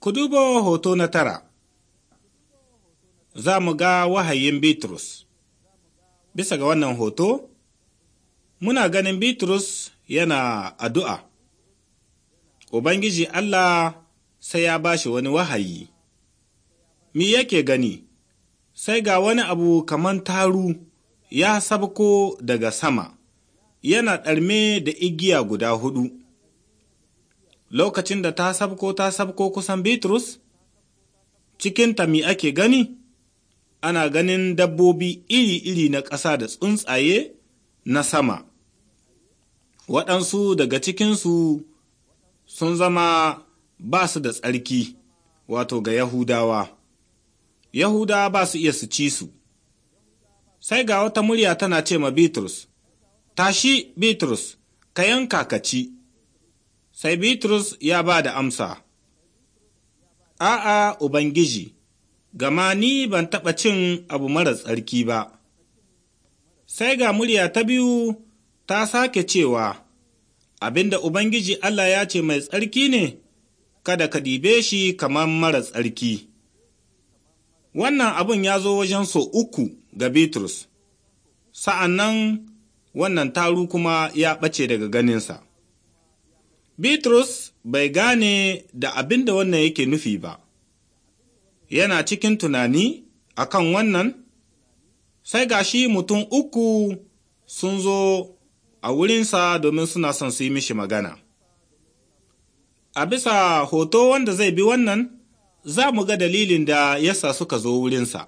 Ku duba hoto na tara, za mu ga wahayin Bitrus. Bisa ga wannan hoto, muna ganin Bitrus yana addu'a. Ubangiji Allah sai ya ba shi wani wahayi. Mi yake gani, sai ga wani abu kaman taru ya sabko daga sama, yana ɗarme da igiya guda huɗu. lokacin da ta sabko ta sabko kusan Bitrus, cikinta mi ake gani? Ana ganin dabbobi iri-iri na ƙasa da tsuntsaye na sama. Waɗansu daga cikinsu sun zama ba su da tsarki, wato ga Yahudawa. Yahudawa ba su iya su ci su. Sai ga wata murya tana ce ma Bitrus, Tashi Bitrus, ka yanka ka ci. Sai Bitrus ya ba da amsa, A'a, Ubangiji, gama ni ban taɓa cin abu mara tsarki ba. Sai ga murya ta biyu ta sake cewa, Abinda Ubangiji Allah ya ce mai tsarki ne, kada ka ɗibe shi kamar mara tsarki. Wannan abin ya zo wajen so uku ga Bitrus, sa'an nan wannan taru kuma ya ɓace daga ganinsa. Bitrus bai gane da abin da wannan yake nufi ba, yana cikin tunani a kan wannan, sai gashi mutum uku sun zo a wurinsa domin suna son su yi mishi magana. A bisa hoto wanda zai bi wannan, za mu ga dalilin da yasa suka zo wurinsa.